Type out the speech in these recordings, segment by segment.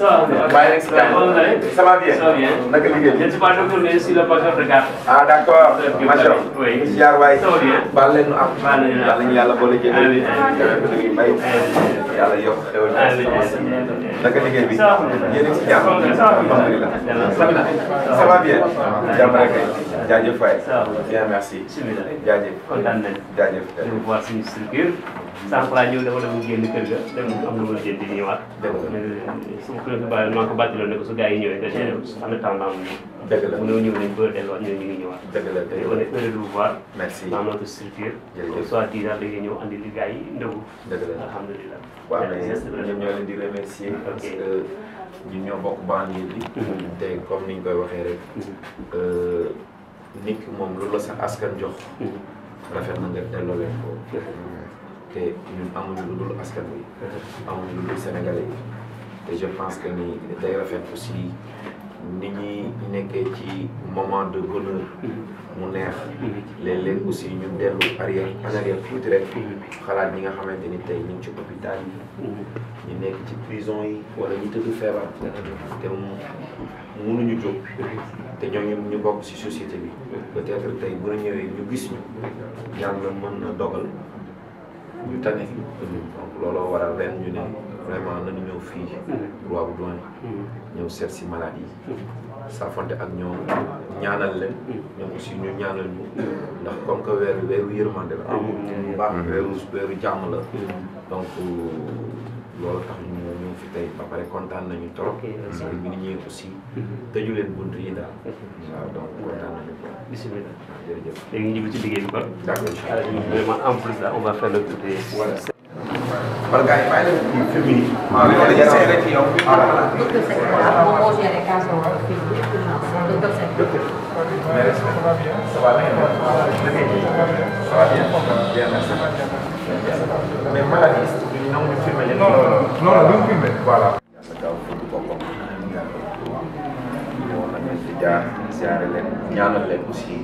maa ngi si ça va ah préfet Baye maa ko bàcculoon ne ko su gars ba delluwaat ñu ñëw andi li gars yi ndëgu. di remercier. parce que ñun ñoo bokk banlieue mhm. te comme ni ñu koy waxee rek. Mhm. Euh, nit moom loolu la sa askan jox. Mhm. rafet na nga delloo leen ko. te ñun amuñu lu dul askan wi. amuñu lu dul sénégalais yi. et je pense que ni day rafet aussi ni ni nekkee ci moment de bonheur mu neex les mhm. les aussi ñu dellu arrière en arrière tuuti rek mhm. xalaat ñi nga xamante ni tey ñu ngi ci hôpital yi mhm. ñu nekk ci prison yi wala ñu tëdd feebar te mënuñu jóg te ñoo ñu ñu bokk ci société bi peut-être tay bu ñu ñëwee ñu gis ñu yalla mëna dogal ñu tané donc looloo waral ren ñu ne vraiment nañu ñëw fii roi bu doyen hmm. ñëw seet si malade yi hmm. saafante ak ñoo ñaanal leen hmm. ñoom aussi ñu ñaanal ñu ndax comme que weeru weeru yërmande de bu baax weeru weeru jàmm la donc loolu tax ñu ñëw fi tey ba pare kontaan nañu trop sëriñ bi ni ñuy aussi tëju leen bunt yi daal waaw kontaan nañu trop bismillah jërëjëf léegi ñu ngi ci liggéey bi ba d'accord vraiment en plus là on wala gars yi bàyyi la ñu fi mu nii. waaw li ma la gisee rek yow. voilà docteur Seck ah moom moo géré casserole fii docteur Seck. docteur mais ça va bien. ça va bien. ça va bien. bien merci. mais maladie duñu nangu filmé leen. non non non duñu filmé voilà. yàlla gaaw fukki boppam. waaw na ngeen di jaar ziare leen ñaanal leen aussi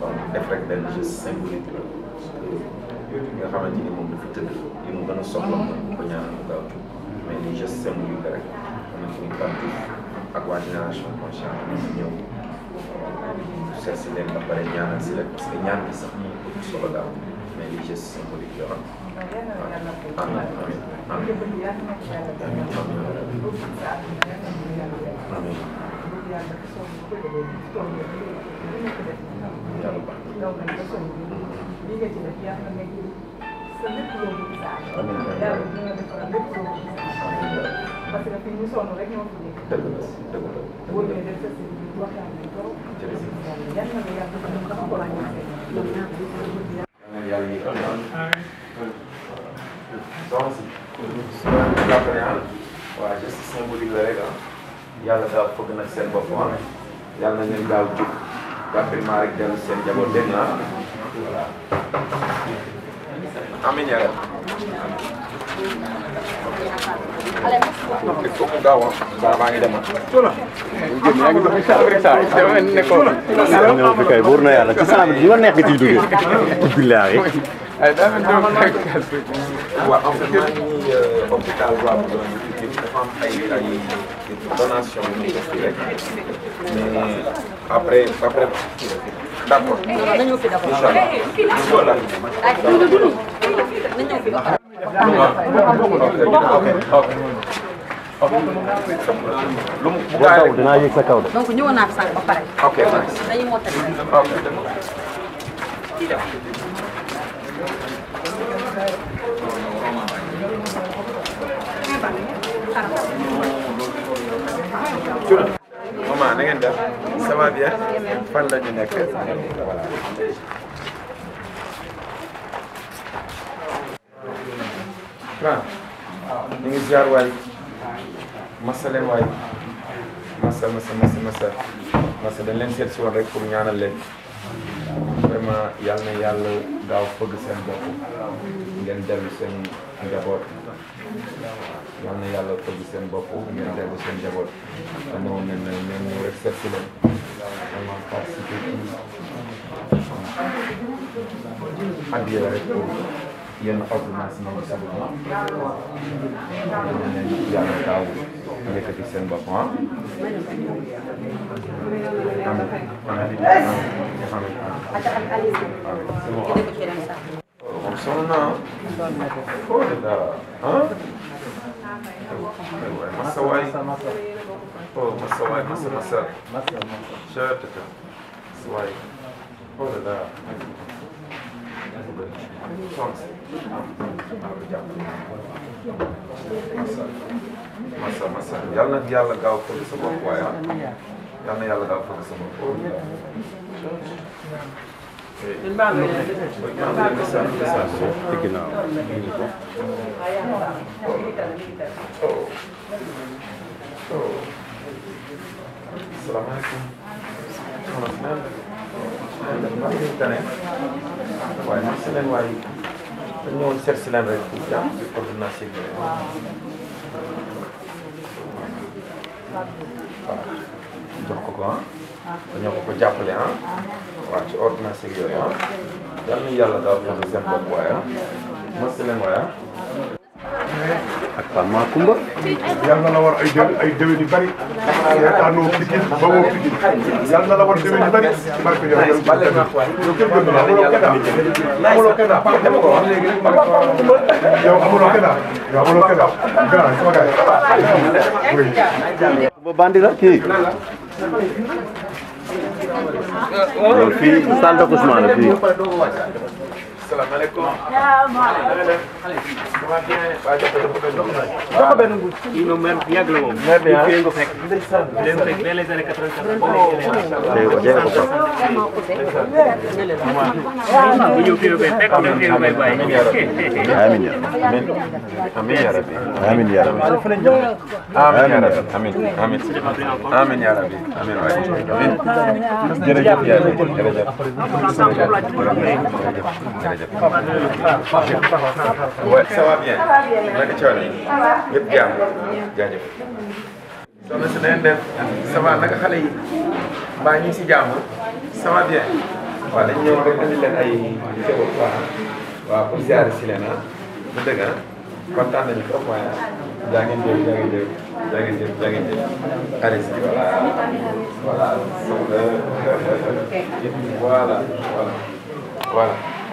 donc def rek benn geste symbolique la nga xamante ni moom dafa tëdd. Muga no soko kwenye muga tu menisha sehemu yugara kama kimikati agwajina asho mwasha nyo sia sile mbapare nyana sile kuske nyana kisa soba da menisha sehemu yugara Amin. Amin. Amin. Amin. Ya Rabbi. sa lépp yomb ci saa yàlla bu na ne ah waa geste symbolique la rek ah yàlla na amiin yaa rabbi. il faut que gaaw a maa ngi demoon. yaa ngi doon saa rek saa yi. ñëw fi kay wóor na yàlla ci saa bi neex nga ciy duggee. billaahi. ay daa mel ni kay waaw en fait hôpital waa bu doon dafa am ay ay donation yu ñu rek mais après après d' accord. incha allah. lu mu bu gaa rek dinaa yëg sa kaw de. donc ñëwoon naa fi sànq ba pare. ok dañuy mottali. ok. Cura. maman na ngeen def. ça va bien. fan la ñu nekk. voilà. waaw ñu ngi ziar waay masale waay masa dañ leen seet si woon rek pour ñaanal leen vraiment yàlla na yàlla daaw fëgg seen bopp ngeen dellu seen njaboot yàlla na yàlla fëgg seen bopp ngeen dellu seen njaboot te moo mel ne ñoom ñëw rek seet si leen vraiment يا الحب مع سنان سبعة يعني تعود هيك في سن بقى وصلنا ها dimbali soxna si maa ngi jàppale masa masa masa yàlla na yàlla gaaw fëgg sa bopp waaye yàlla na yàlla gaaw fëgg sa bopp salaamaaleykum soxna si naan maa ngi tane waaye nag si leen waaye dañ ñëwoon seet si leen rek pour jàpp jox ko ko ah dañoo ko ko jàppale ah waaw ci ordonnance yeeg yooyu yal na yàlla daal jox ko seen bopp waaye ah mos si leen waaye waaw maa kumba. yal na la war ay déwén ay déwén yu bëri. yaakaaroo Pikine ba woo Pikine. yal na la war déwén yu bëri. parce que yow yow kenn doon naa amuloo Keda. amuloo Keda parce que ko wax léegi yow amuloo Keda. yow amuloo Keda. gannaaw sama gars yi. oui. ba bandi la kii. loolu fii salle d'accouchement la fii. salaamaaleykum. waaw benn mbuus. kii moom maire bu yàgg la moom. maire bi ah kii nga fekk. leen fekk dès les années 80. bu ñëw kii bay fekk bu ñëw bay bàyyi. amiin amiin yaa rabbi. amiin yaa rabbi. amiin amiin amiin yaa rabbi. amiin waay amiin. jërëjëf yaa rabbi jërëjëf. jërëjëf. waaw ça va bien. naka coono yi. yëpp jàmm jaajëf. soxna si nañ def ça va xale yi mbaa ñu ngi si jàmm ça va bien. waaw dañ ñëw rek leen ay teewul waaw waaw pour ziare si leen ah. bu dëgg ah kontaan nañu trop waaye ah jaa ngeen jëf jaa ngeen jëf jaa ngeen jëf jaa ngeen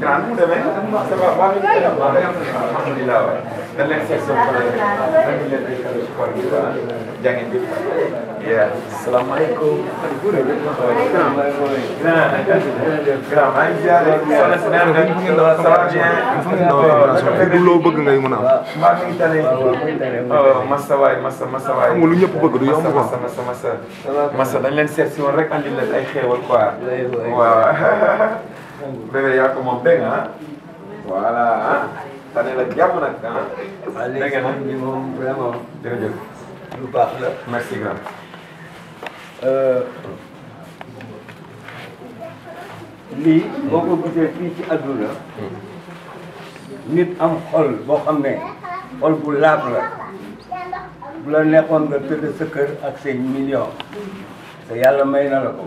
grand mu demee ça va baax nañu waaw day am alhamdulilah waay dañ leen seet seen xale yi dañu leen ay xale si xol bi waa jàngeen bi yaa salaamaaleykum grand maa ngi ziare soxna si neen nga mu ngi doon ça va bien non loo bëgg ngay mën a am maa ngi tane masa waay masa masa waay xam nga lu ñëpp bëgg du yomb quoi masa masa masa dañ leen seet si woon rek andi leen ay xéewal quoi waaw bébé moom dégg nga lu baax la ¿ah? merci grand. Eh, lii boo ko gisee fii ci àdduna nit am xol boo xam ne xol bu laab la bu la nekkoon nga tëdd sa kër ak say million te yàlla may na la ko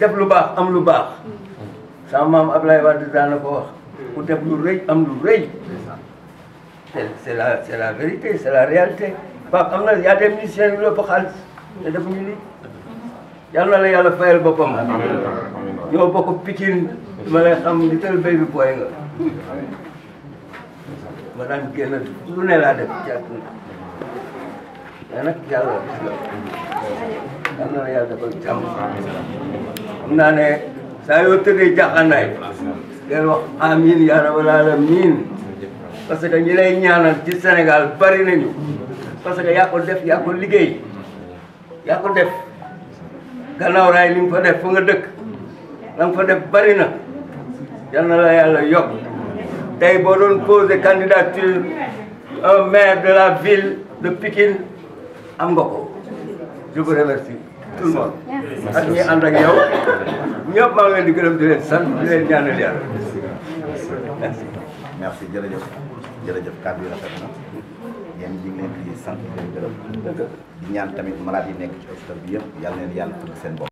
def lu baax am lu baax sama maam Ablaye Wade daan na ko wax lu rëy am lu rëy c'est la c'est la vérité c'est la réalité Pape am na y a des ministères yu lépp xaalis te defuñu lii yàlla na la yàlla fayal boppam ñoo bokk Pikine ma lay xam li tël béy bi booy nga ma daan génn lu ne laa def ci àdduna mais nag yàlla gis nga yàlla na la yàlla defal naa ne saa yoo tëddee jaxanaay del wax amin ya rabbal alamin parce que ñi lay ñaanal ci Sénégal bari nañu parce que yaa ko def yaa ko liggéey yaa koo def gannaaw raay nga fa def fa nga dëkk la fa def bari na yal yàlla yo tey boo doon posé candidature un maire de la ville de Pikine am nga ko je vous remercie tout le monde ak ñi ànd ak ñëpp maa ngi di gërëm di leen sant di leen ñaanal yàlla. merci merci jërëjëf jërëjëf kàddu yi rafet na yéen ñu ngi leen di sant di gërëm ñaan tamit malade yi nekk ci hôpital bi yëpp yal na yàlla tudd seen bopp.